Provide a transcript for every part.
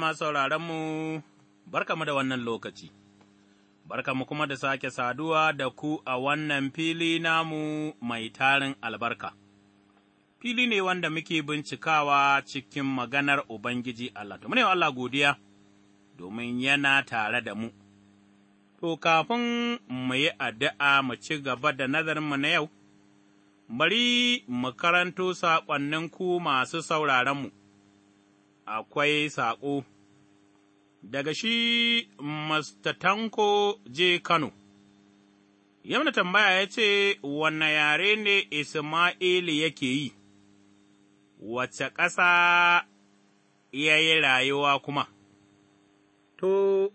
salama sauraronmu, sauraronmu, barkamu da wannan lokaci, barkamu kuma da sake saduwa da ku a wannan fili namu mai tarin albarka. Fili ne wanda muke bincikawa cikin maganar Ubangiji Allah, to, wa Allah godiya, domin yana tare da mu. To, kafin mu yi addu'a mu ci gaba da nazarinmu na yau, bari mu karanto saƙonninku masu sauraronmu. mu. akwai saƙo daga shi Mastatanko je Kano. Yamna tambaya ya ce, wane yare ne Isma'ili yake yi, wace ƙasa ya yi rayuwa kuma? To,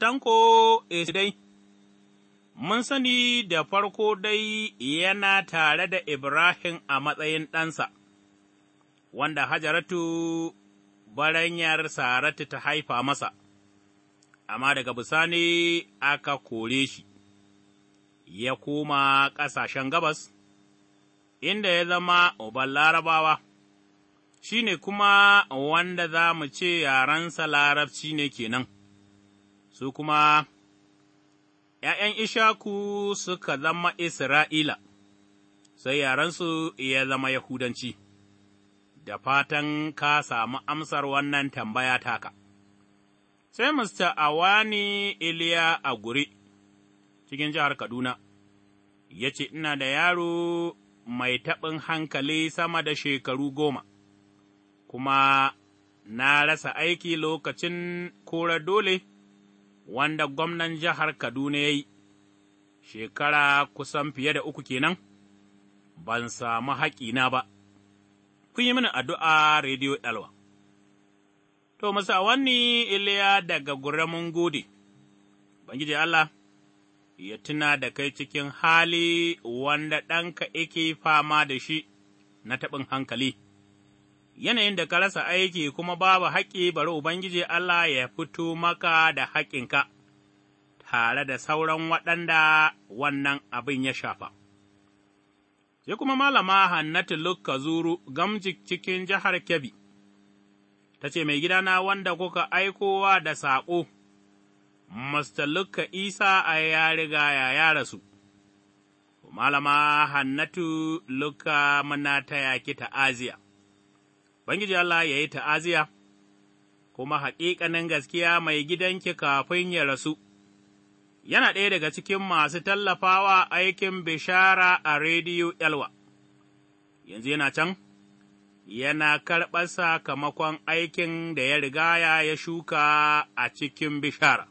Tanko… Eh, dai, mun sani da farko dai yana tare da Ibrahim a matsayin ɗansa, wanda Hajaratu baranyar Saratu ta haifa masa, amma daga bisani aka kore shi, ya koma ƙasashen gabas, inda ya zama uban larabawa, shine kuma wanda za mu ce yarensa larabci ne kenan, su kuma ’ya'yan Ishaku suka zama Isra'ila, sai yarensu ya zama Yahudanci. da fatan ka samu amsar wannan tambaya taka. Sai Mista Awani Iliya a guri cikin jihar Kaduna, ya ce, Ina da yaro mai taɓin hankali sama da shekaru goma, kuma na rasa aiki lokacin kora dole wanda gwamnan jihar Kaduna ya yi, shekara kusan fiye da uku kenan, ban samu haƙina ba. kun yi mini addu'a Radio Elwa. To, masa wani Iliya daga guramin gode, Bangiji Allah, ya tuna da kai cikin hali wanda ɗanka yake fama da shi na taɓin hankali, yanayin da ka rasa aiki kuma babu haƙƙi bari Ubangiji Allah ya fito maka da haƙƙinka, tare da sauran waɗanda wannan abin ya shafa. sai kuma malama Hannatu Lukka Zuru gamjik cikin jihar Kebbi, ta ce, Mai gidana wanda kuka aikowa da saƙo, Mr. Luka Isa a ya riga ya yara rasu, malama Hannatu Lukka muna taya ki ta'aziya, Bangiji Allah ya yi ta'aziya, kuma haƙiƙanin gaskiya mai gidanki kafin ya rasu. yana ɗaya daga cikin masu tallafawa aikin bishara a Rediyo Elwa, yanzu yana can, yana karɓar sakamakon aikin da ya rigaya ya shuka a cikin bishara.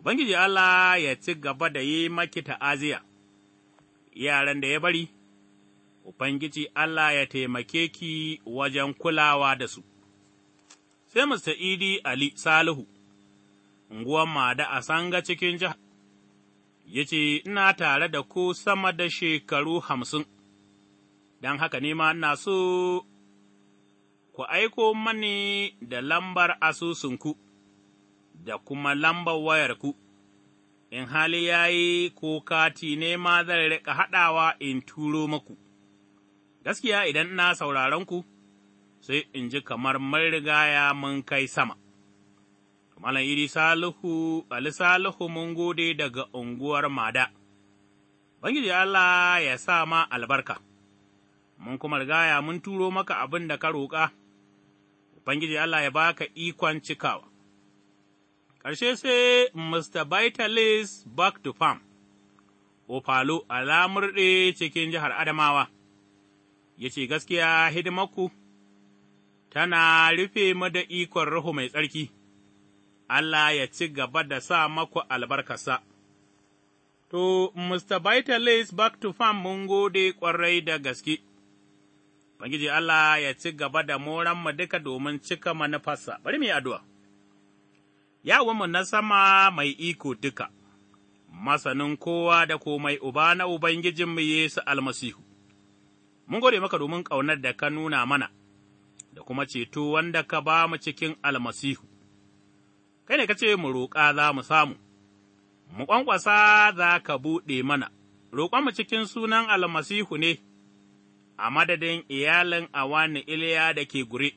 Ubangiji Allah ya ci gaba da yi maki ta'aziya, yaran da ya bari, Ubangiji Allah ya taimake ki wajen kulawa da su. Sai Mr. Idi Ali Salihu unguwar Mada a Sanga cikin jiha ya ce, Ina tare da ku sama da shekaru hamsin, don haka nema ina so ku aiko mani da lambar asusunku da kuma lambar wayarku, in hali ya yi ko kati ne ma zan riƙa haɗawa in turo maku. Gaskiya idan ina sauraron ku, sai in ji kamar mun ya mun kai sama. Malam Iri Salihu, Ali Salihu mun gode daga unguwar Mada, Bangiji Allah ya sa ma albarka, mun kuma rigaya mun turo maka abin da ka roƙa, Bangiji Allah ya baka ikon cikawa. Ƙarshe sai Mr. Vitalis back to farm, Ofalo alamurɗe cikin jihar Adamawa, ya ce gaskiya hidimarku tana rufe mu da ikon Ruhu mai tsarki. Allah ya ci gaba da sa maku albarkasa. To, Mr. Vitalis back to farm mun gode ƙwarai da gaske, Bangiji Allah ya ci gaba da mu duka domin cika manufarsa, bari mu yi addu'a. mu na sama mai iko duka, masanin kowa da komai uba na Ubangijinmu Yesu almasihu, mun gode maka domin ƙaunar da ka nuna mana, da kuma ceto wanda ka ba mu cikin almasihu. kai ne ka ce mu roƙa za mu samu, mu ƙwanƙwasa za ka buɗe mana, roƙonmu cikin sunan almasihu ne, a madadin iyalin Awani Iliya da ke gure,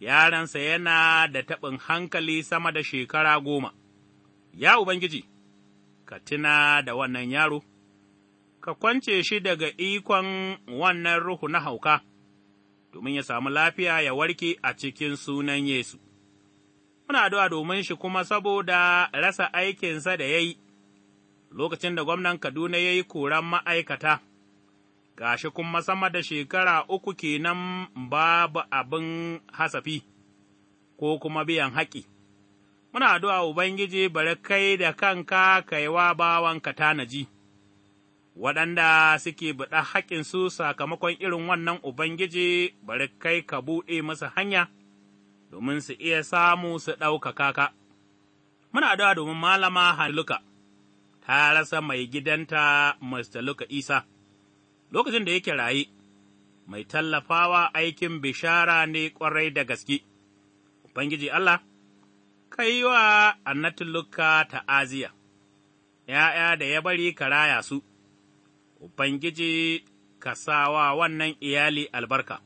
yaransa yana da taɓin hankali sama da shekara goma, ya Ubangiji, ka tuna da wannan yaro, ka kwance shi daga ikon wannan ruhu na hauka, domin ya samu lafiya ya warke a cikin sunan Yesu. muna addu'a domin shi kuma saboda rasa aikinsa da ya yi, lokacin da gwamnan Kaduna ya yi koran ma'aikata, gashi kuma sama da shekara uku kenan babu abin hasafi ko kuma biyan haƙi. Muna addu'a Ubangiji bari kai da kanka kaiwa bawanka tanaji, waɗanda suke buɗa haƙinsu sakamakon irin wannan Ubangiji bari kai ka buɗe masa hanya. domin su iya samu su ɗaukaka ka. Muna da domin malama Haluka, ta rasa mai gidanta Mr. Luka Isa, lokacin da yake raye, mai tallafawa aikin bishara ne ƙwarai da gaske. Ubangiji Allah, kai wa annatin Luka ta aziya. ’ya'ya da ya bari ka raya su, Ubangiji ka sawa wannan iyali albarka.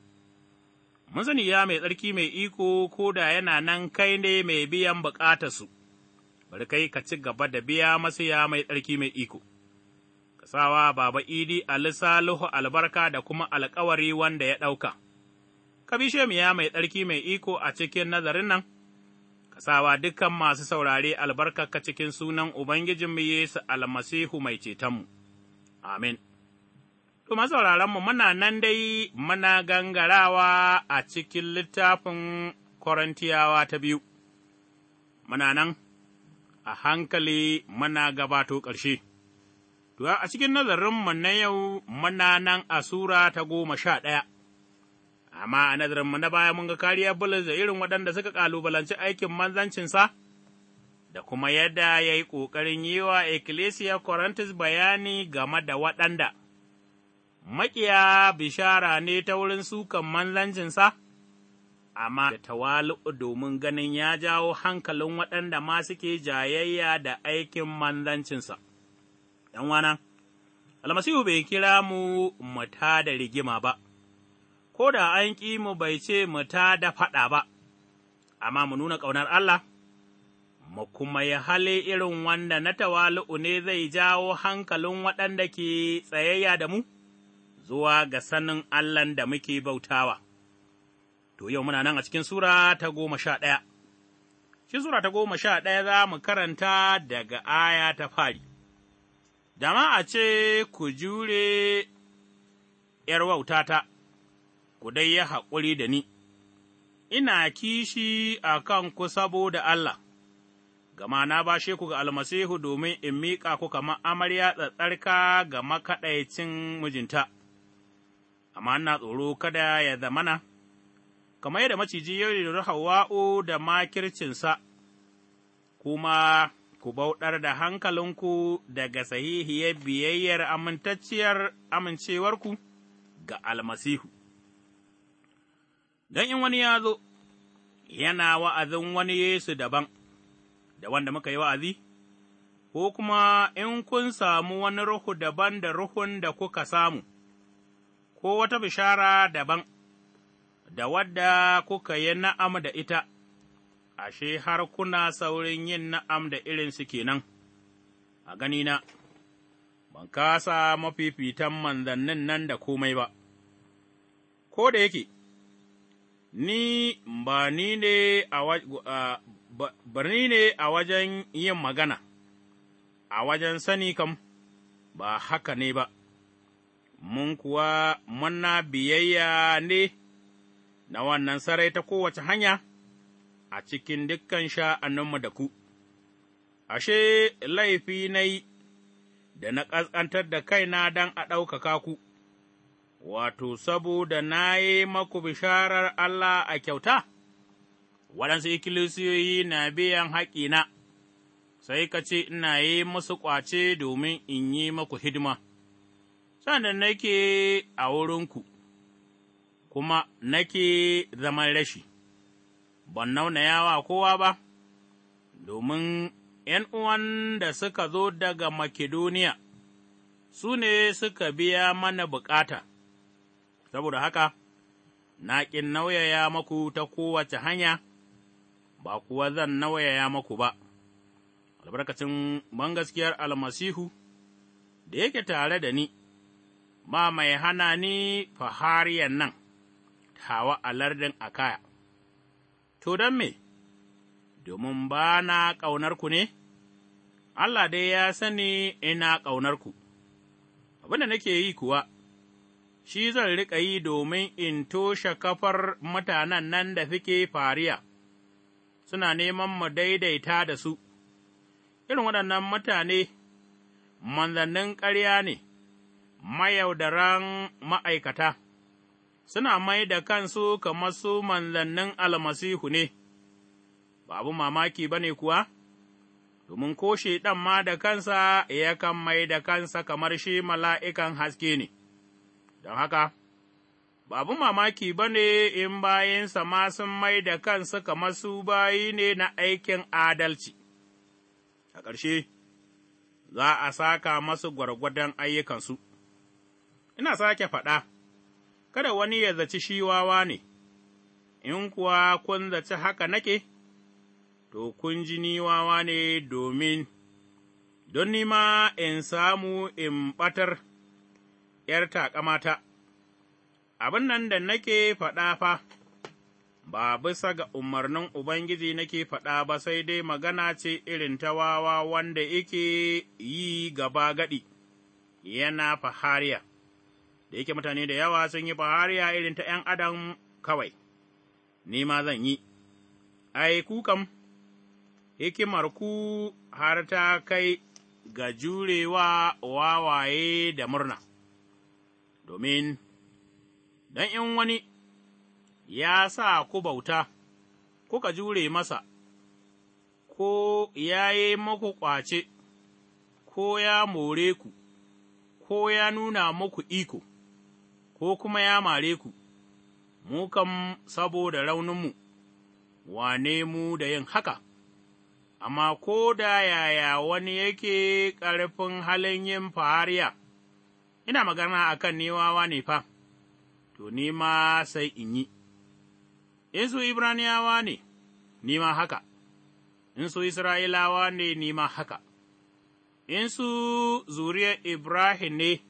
ya mai tsarki mai iko ko da yana nan kai ne mai biyan bukatarsu, bari kai ka ci gaba da biya masu ya mai tsarki mai iko. Kasawa Baba Idi Alisaluhu albarka da kuma alkawari wanda ya ɗauka, ka bishe miya mai tsarki mai iko a cikin nazarin nan, kasawa dukkan masu saurare albarka ka cikin sunan Ubangijinmu Yesu almasihu mai cetonmu. Amin. Kuma mu muna nan dai muna gangarawa a cikin littafin Korintiyawa ta biyu, muna nan a hankali muna gabato ƙarshe. Tuwa a cikin nazarinmu na yau muna nan a Sura ta goma sha ɗaya, amma a nazarinmu na baya mun ga kariya Bulus da irin waɗanda suka ƙalubalanci aikin manzancinsa. da kuma yadda ya yi ƙoƙarin yi wa Ecclesia Corinthus bayani game da waɗanda maƙiya bishara ne ta wurin sukan manzancinsa, amma da tawali'u domin ganin ya jawo hankalin waɗanda ma suke jayayya da aikin manzancinsa. Yan wana, almasihu bai kira mu mata da rigima ba, ko da an ƙi mu bai ce mata da faɗa ba, amma mu nuna ƙaunar Allah. mu kuma ya hali irin wanda na tawali'u ne zai jawo hankalin waɗanda ke tsayayya da mu? zuwa ga sanin Allahn da muke bautawa. To, yau muna nan a cikin Sura ta goma sha ɗaya, cikin Sura ta goma sha ɗaya za mu karanta daga aya ta fari, dama a ce ku jure ’yar wautata, ku dai ya haƙuri da ni, ina kishi a kan ku saboda Allah. gama na bashe ku ga almasihu domin in miƙa ku kamar amarya tsatsarka ga makaɗaicin mijinta, amma ina tsoro kada ya zamana, kamar yadda maciji ya riri Hawa'u da makircinsa, kuma ku bauɗar da hankalinku daga sahihiyar biyayyar amintacciyar amincewarku ga almasihu. Don in wani ya zo, yana wa'azin wani Yesu daban, da wanda muka yi wa'azi, ko kuma in kun samu wani ruhu daban da ruhun da kuka samu. ko wata bishara daban da wadda kuka yi na'am da ita, ashe har kuna saurin yin na'am da irinsu kenan, a ganina, ban kasa mafifitan manzannin nan da komai ba, ko da yake, ni ba ni ne a wajen yin magana, a wajen sani kam, ba haka ne ba. mun kuwa muna biyayya ne na wannan sarai ta kowace hanya a cikin dukkan sha'aninmu da ku, ashe laifi na yi da na ƙasƙantar da kaina don a ɗaukaka ku, wato, saboda na yi maku bisharar Allah a kyauta, waɗansu ikilisiyoyi na biyan haƙina, sai ka ce ina yi musu ƙwace domin in yi maku hidima. sa'an da nake a wurinku, kuma nake zaman rashi, ban nauna yawa kowa ba, domin ’yan uwan da suka zo daga Makedoniya su ne suka biya mana bukata, saboda haka, na ƙin nauyaya maku ta kowace hanya, ba kuwa zan nauyaya maku ba, albarkacin bangaskiyar almasihu da yake tare da ni. ma mai hana ni fahariyan nan, tawa a lardin Akaya. To don me, domin ba na ƙaunarku ne? Allah dai ya sani ina ƙaunarku, abin da nake yi kuwa, shi zan riƙa yi domin in toshe kafar mutanen nan da fike fariya, suna neman mu daidaita da su, irin waɗannan mutane manzannin ƙarya ne. mayaudaran ma'aikata, suna mai da kansu kamar su manzannin almasihu ne, Babu mamaki ba ne kuwa, domin ko ɗan ma da kansa yakan mai da kansa kamar shi mala'ikan haske ne, don haka, babu mamaki ba ne in bayansa ma sun mai da kansu kamar su bayi ne na aikin adalci. A ƙarshe, za a saka masu gwargwadon ayyukansu. ina sake faɗa, kada wani ya zaci shi wawa ne, in kuwa kun zaci haka nake, to kun ji ni wawa ne domin, don nima in samu in ɓatar ’yar taƙamata, abin nan da nake faɗa fa. ba bisa ga umarnin Ubangiji nake faɗa ba sai dai magana ce irin ta wawa wanda yake yi gaba gaɗi, yana fahariya. da yake mutane da yawa sun yi fahariya irin ta ’yan adam kawai, ni ma zan yi, ai, kukan hikimar ku har ta kai ga jurewa wawaye da murna, domin, don in wani ya sa ku bauta, kuka jure masa, ko ya yi maku ƙwace, ko ya more ku, ko ya nuna muku iko. ko kuma ya mare ku, mu kan saboda rauninmu, wane mu da yin haka, amma ko da yaya wani yake ƙarfin halin yin fahariya, ina magana a kan newawa ne fa, to ni ma sai in yi, in su Ibraniyawa ne, ma haka, in su Isra'ilawa ne ma haka. in su zuriyar Ibrahim ne,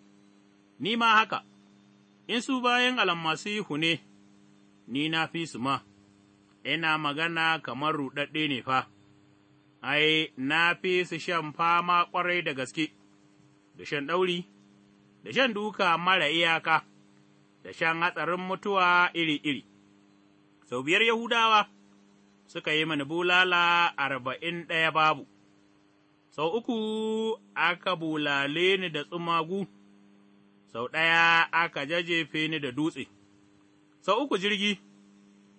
ni ma haka, in su bayan almasihu ne, ni na fi su ma, ina magana kamar ruɗaɗɗe ne fa, ai, na fi su shan fama ƙwarai da gaske, da shan ɗauri, da shan duka mara iyaka, da shan hatsarin mutuwa iri-iri. Sau biyar Yahudawa suka yi mani bulala arba'in ɗaya babu, sau uku aka bulale ni da tsumagu. sau ɗaya aka jajjefe ni da dutse, sau uku jirgi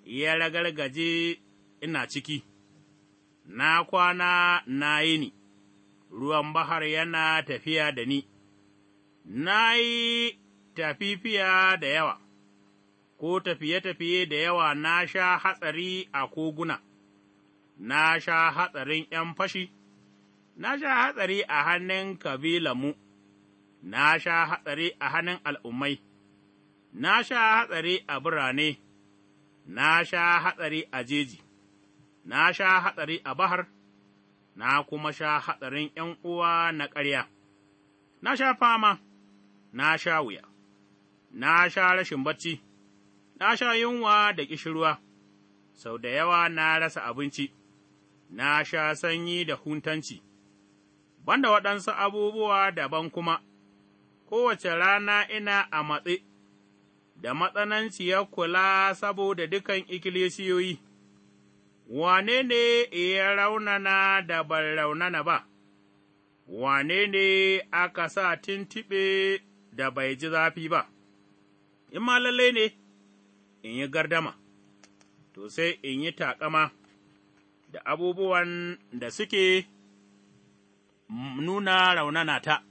ya ragargaje ina ciki, na kwana na yi ni, ruwan bahar yana tafiya da ni, na yi tafifiya da yawa, ko tafiye-tafiye da yawa na sha hatsari a koguna, na sha hatsarin ’yan fashi, na sha hatsari a hannun kabilanmu. mu. na sha hatsari a hannun al'ummai, na sha hatsari a birane, na sha hatsari a jeji, na sha hatsari a bahar, na kuma sha hatsarin ’yan uwa na ƙarya, na sha fama, na sha wuya, na sha rashin bacci, na sha yunwa da ƙishirwa, sau da yawa na rasa abinci, na sha sanyi da huntanci, banda waɗansu abubuwa daban kuma. kowace rana ina a matse, da matsananciyar kula saboda dukan ikkilisiyoyi, wane ne ya raunana da ban raunana ba, wane ne aka sa tintiɓe da bai ji zafi ba, in ma lallai ne in yi gardama, to sai in yi taƙama da abubuwan da suke nuna raunana ta.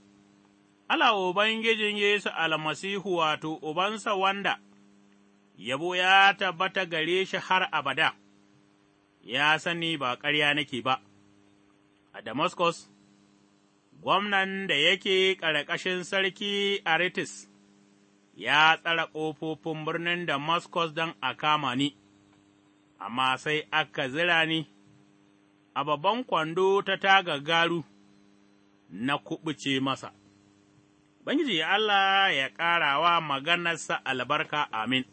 Allah Ubangijin Yesu almasihu wato Ubansa wanda, yabo ya tabbata gare shi har abada, ya sani ba ƙarya nake ba, a Damascus, gwamnan da yake ƙarƙashin sarki Aritis, ya tsara ƙofofin birnin Damascus don a kama ni, amma sai aka zira ni a babban kwando ta taga garu na kuɓuce masa. Ubangiji Allah ya ƙarawa maganarsa albarka amin.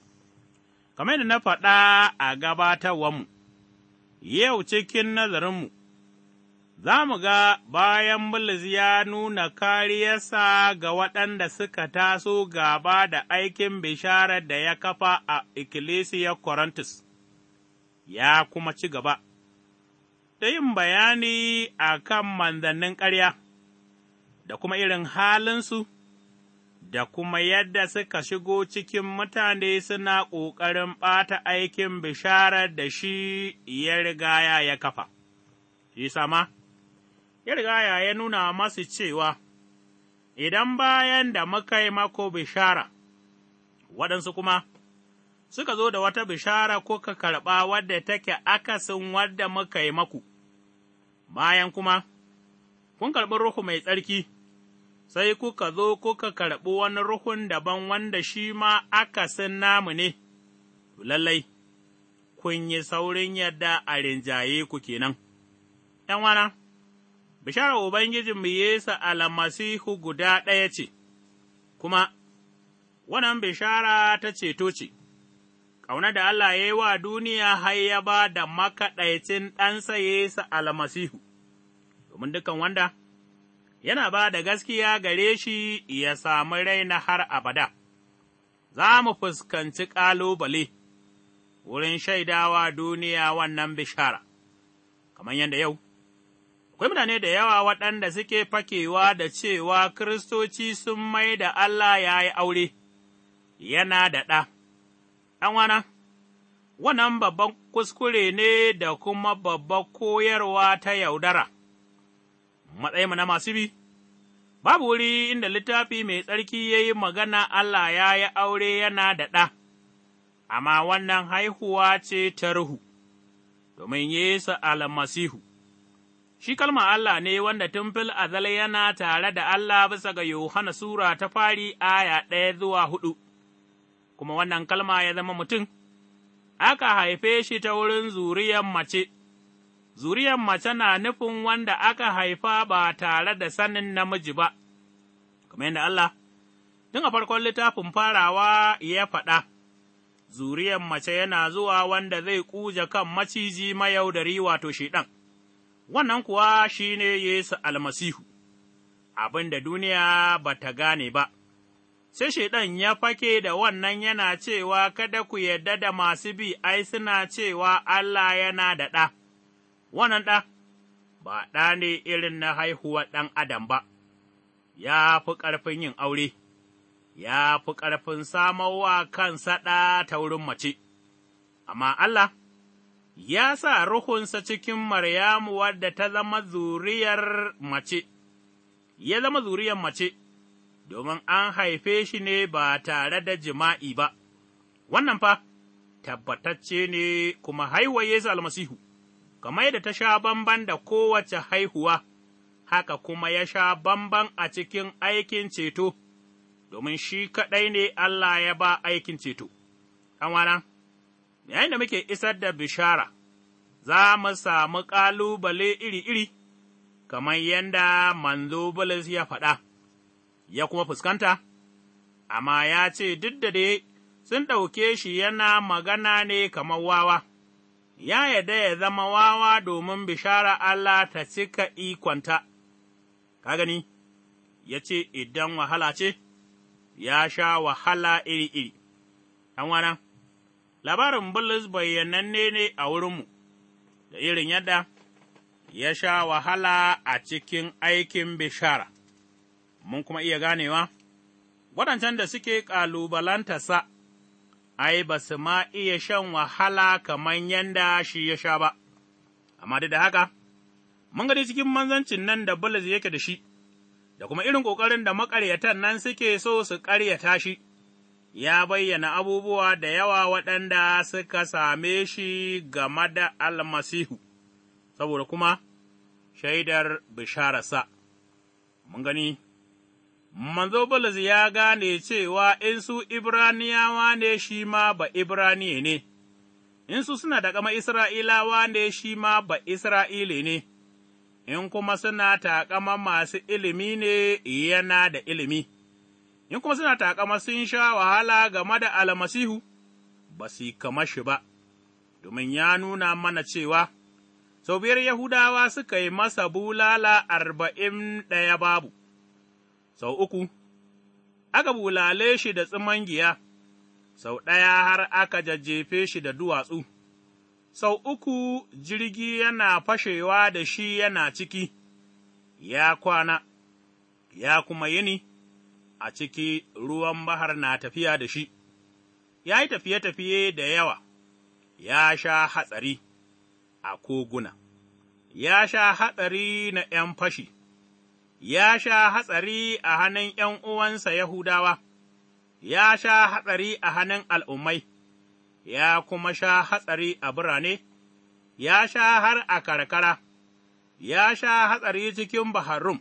Kamar da na faɗa a gabatarwarmu, yau cikin nazarinmu, za mu ga bayan Bulus ya nuna kariyarsa ga waɗanda suka taso gaba da aikin bisharar da ya kafa a Ikkilisiyar Korintus, ya kuma ci gaba. Ta yin bayani a kan manzannin ƙarya da kuma irin halinsu da kuma yadda suka shigo cikin mutane suna ƙoƙarin ɓata aikin bisharar da shi ya rigaya ya kafa, shi sama, ya rigaya ya nuna masu cewa, Idan bayan da muka yi mako bishara, waɗansu kuma suka zo da wata bishara ko ka karɓa wadda take akasin wadda muka yi maku, bayan kuma, kun karɓi Ruhu mai tsarki. sai kuka zo kuka karɓi wani ruhun daban wanda shi ma aka akasin namu ne, lallai, kun yi saurin yadda a rinjaye ku kenan. ’Yan wana, bishara Ubangijinmu Yesu almasihu guda ɗaya ce, kuma wannan bishara ta ceto ce. ƙauna da Allah ya yi wa duniya har ya ba da makaɗaicin ɗansa Yesu almasihu, domin dukan wanda yana ba da gaskiya gare shi ya sami raina har abada, za mu fuskanci ƙalubale wurin shaidawa duniya wannan bishara, kamar yadda yau, akwai mutane da yawa waɗanda suke fakewa da cewa Kiristoci sun mai da Allah ya yi aure, yana da ɗa, ɗanwana, wannan babban kuskure ne da kuma babban koyarwa ta yaudara. matsayinmu na masu bi? Babu wuri inda littafi mai tsarki ya yi magana Allah ya yi aure yana da ɗa, amma wannan haihuwa ce ta ruhu, domin Yesu almasihu. Shi kalma Allah ne wanda tun fil azal yana tare da Allah bisa ga Yohana Sura ta fari aya ɗaya zuwa hudu. kuma wannan kalma ya zama mutum, aka haife shi ta wurin zuriyar mace. zuriyar mace na nufin wanda aka haifa ba tare da sanin namiji ba, kamar yadda Allah, tun a farkon littafin farawa ya faɗa, zuriyar mace yana zuwa wanda zai ƙuja kan maciji mayaudari wato shiɗan, wannan kuwa shi ne Yesu almasihu, abin da duniya ba ta gane ba. sai Shaiɗan ya fake da wannan yana cewa, Kada ku yarda da masu bi, ai, suna cewa Allah yana da ɗa, wannan ɗa ba ɗa ne irin na haihuwa ɗan adam ba, ya fi ƙarfin yin aure, ya fi ƙarfin samowa kansa ɗa ta wurin mace, amma Allah ya sa ruhunsa cikin Maryamu wadda ta zama zuriyar mace, ya zama zuriyar mace, domin an haife shi ne ba tare da jima'i ba, wannan fa tabbatacce ne kuma haiwaye Yesu almasihu. kamar da ta sha bamban da kowace haihuwa, haka kuma ya sha bamban a cikin aikin ceto, domin shi kaɗai ne Allah ya ba aikin ceto. Ɗanwana, yayin da muke isar da bishara, za mu samu ƙalubale iri-iri, kamar yadda manzo Bulus ya faɗa, ya kuma fuskanta, amma ya ce duk da dai sun ɗauke shi yana magana ne kamar wawa. ya yarda ya zama wawa domin bishara Allah ta cika ikonta, ka gani, ya ce idan wahala ce, ya sha wahala iri-iri, wana, labarin Bulus bayyananne ne a wurinmu, da irin yadda ya sha wahala a cikin aikin bishara, mun kuma iya ganewa, waɗancan da suke ƙalubalanta sa. ai, ba su ma iya shan wahala kamar yanda shi ya sha ba, amma duk da haka, mun gani cikin manzancin nan da Bulus yake da shi, da kuma irin ƙoƙarin da maƙaryatan nan suke so su ƙaryata shi, ya bayyana abubuwa da yawa waɗanda suka same shi game da almasihu, saboda kuma shaidar bishararsa. Mun gani. manzo Bulus ya gane cewa in su Ibraniyawa ne shi ma ba Ibraniye ne, in su suna da kama Isra'ilawa ne shi ma ba Isra'ile ne, in kuma suna taƙama masu ilimi ne yana da ilimi, in kuma suna taƙama sun sha wahala game da almasihu, ba su kama shi ba, domin ya nuna mana cewa, sau biyar Yahudawa suka yi masa bulala arba'in ɗaya babu. sau uku, aka bulale shi da giya. sau ɗaya har aka jajjefe shi da duwatsu, sau uku jirgi yana fashewa da shi yana ciki, ya kwana, ya kuma yini a ciki ruwan bahar na tafiya da shi, ya yi tafiye-tafiye da yawa, ya sha hatsari a koguna, ya sha hatsari na ’yan fashi. ya sha hatsari a hannun ’yan uwansa Yahudawa, ya sha hatsari a hannun al'ummai, ya kuma sha hatsari a birane, ya sha har a karkara, ya sha hatsari cikin Baharum,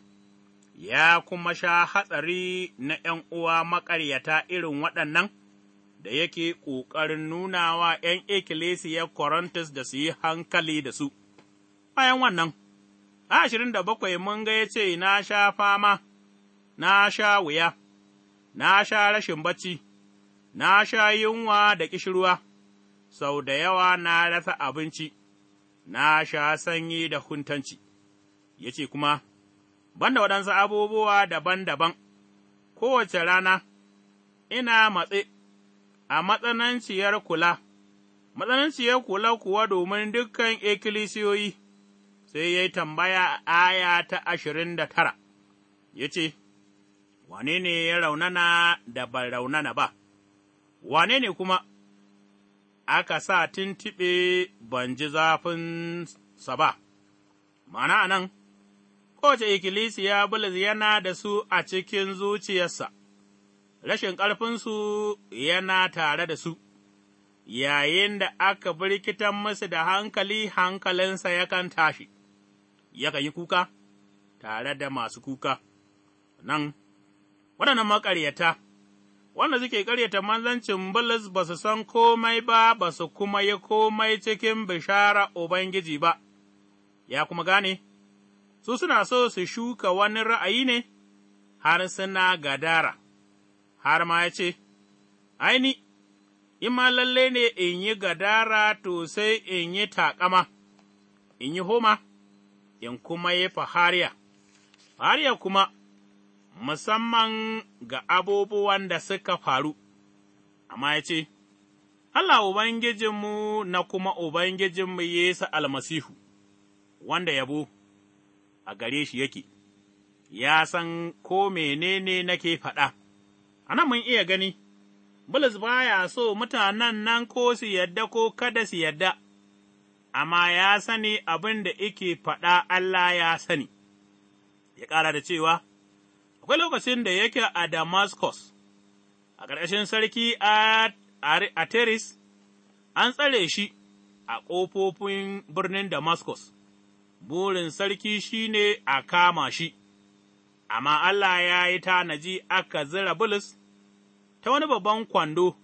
ya kuma sha hatsari na ’yan uwa maƙaryata irin waɗannan. da yake ƙoƙarin nunawa ’yan ikkilisiyar Korintus da su yi hankali da su, bayan wannan. A ashirin da bakwai mun ga ya ce, Na sha fama, na sha wuya, na sha rashin bacci, na sha yunwa da ƙishirwa, sau da yawa na rasa abinci, na sha sanyi da huntanci, ya ce kuma, Banda waɗansu abubuwa daban-daban, kowace rana, ina matse, a matsananciyar kula, matsananciyar kula kuwa domin dukkan ikkilisiyoyi. sai ya yi tambaya aya ta ashirin da tara, ya ce, Wane ne ya raunana da ban raunana ba, wane ne kuma aka sa tintiɓe ban ji zafinsa ba, mana a nan, kowace ikkilisiya Bulus yana da su a cikin zuciyarsa, rashin ƙarfinsu yana tare da su. yayin da aka birkitan musu da hankali hankalinsa yakan tashi, yaka yi kuka tare da masu kuka, nan, waɗannan maƙaryata, wanda suke ƙaryata manzancin Bulus ba su san komai ba, ba su kuma yi komai cikin bishara Ubangiji ba, ya kuma gane, su suna so su shuka wani ra'ayi ne, har suna gadara, har ma ya ce, Aini, in ma lalle ne in yi gadara to sai in yi taƙama, in yi homa. in kuma yi fahariya, fahariya kuma musamman ga abubuwan da suka faru, amma ya ce, Allah Ubangijinmu na kuma Ubangijinmu Yesu almasihu, wanda yabo a gare shi yake, ya san ko menene nake faɗa, ana mun iya gani, Bulus baya so mutanen nan ko su yadda ko kada su yadda. amma ya sani abin da ike faɗa Allah ya sani, ya ƙara da cewa, Akwai lokacin da yake a Damascus, a ƙarƙashin sarki a Teris, an tsare shi a ƙofofin birnin Damascus, burin sarki shi ne a kama shi, amma Allah ya yi tanaji aka zira Bulus ta wani babban kwando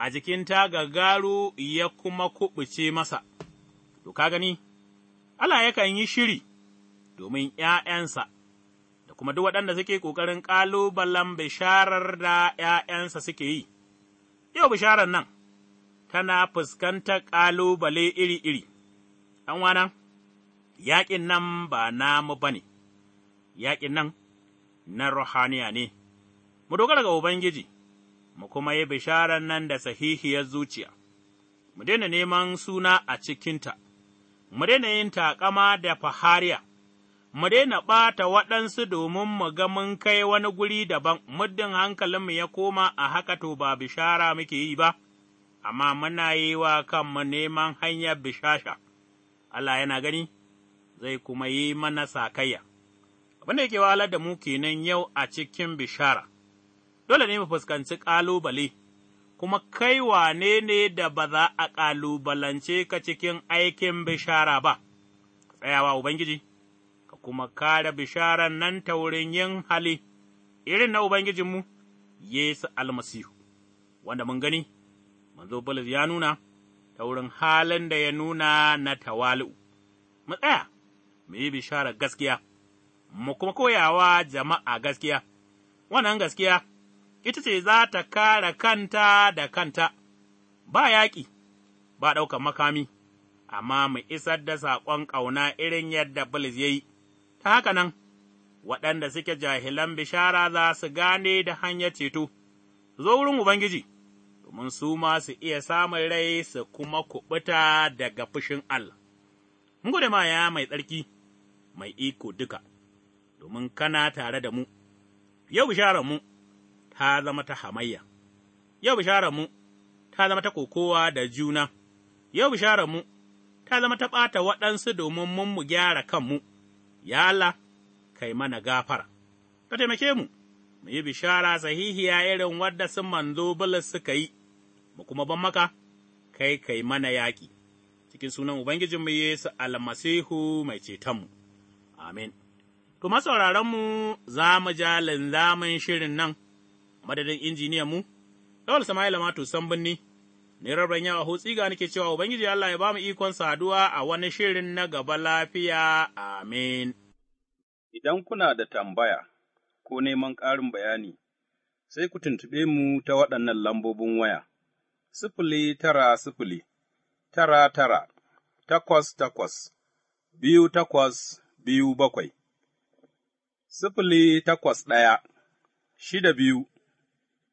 a jikin gagaru ya kuma kuɓuce masa. to ka gani, Allah yakan yi shiri domin ’ya'yansa da kuma duk waɗanda suke ƙoƙarin ƙalubalen bisharar da ’ya'yansa suke yi, yau bisharar nan tana fuskantar ƙalubale iri-iri, ɗan wana, yaƙin nan ba namu ba ne, yaƙin nan na ruhaniya ne, mu dogara ga Ubangiji, mu kuma yi bisharar nan da sahihiyar zuciya, mu daina neman suna a cikinta. mu daina yin taƙama da fahariya, mu daina ɓata waɗansu domin mu ga mun kai wani guri daban, muddin hankalinmu ya koma a haka to ba bishara muke yi ba, amma muna yi wa kanmu neman hanyar bishasha, Allah yana gani, zai kuma yi mana sakayya. Abin da yake wahalar da mu kenan yau a cikin bishara, dole ne mu fuskanci ƙalubale. kuma kai wane ne da ba za a ƙalubalance ka cikin aikin bishara ba, tsayawa Ubangiji, ka kuma kare bisharan nan ta wurin yin hali, irin na Ubangijinmu, Yesu almasihu, wanda mun gani, manzo Bulus ya nuna ta wurin halin da ya nuna na tawali'u. Mu tsaya, mu yi bishara gaskiya, mu kuma koyawa jama'a gaskiya, wannan gaskiya. ita ce za ta kare kanta da kanta, ba yaƙi, ba ɗaukan makami, amma mu isar da saƙon ƙauna irin yadda Bulis ya yi, ta haka nan, waɗanda suke jahilan bishara za su gane da hanyar ceto, zo wurin Ubangiji, domin su ma su iya samun rai su kuma kuɓuta daga fushin Allah. Mun gode ma ya mai tsarki, mai iko duka, domin kana tare da mu, yau bisharar mu. ta zama ta hamayya, yau mu ta zama ta kokowa da juna, yau mu ta zama ta ɓata waɗansu domin mun mu gyara kanmu, ya Allah, kai mana gafara, ka taimake mu, mu yi bishara sahihiya irin wadda sun manzo Bulus suka yi, mu kuma ban maka, kai kai mana yaƙi, cikin sunan Ubangijin Ubangijinmu Yesu almasihu mai cetonmu, amin. To, masauraranmu za mu ja linzamin shirin nan. madadin injiniyan mu, Lawal Sama'ila Mato Sambunni, ne rabin yawa hutsi ga nake cewa Ubangiji Allah ya ba mu ikon saduwa a wani shirin na gaba lafiya, amin. Idan kuna da tambaya ko neman ƙarin bayani, sai ku tuntuɓe mu ta waɗannan lambobin waya, sifili tara sifili, tara tara, takwas takwas, biyu takwas biyu bakwai, sifili takwas ɗaya, shida biyu.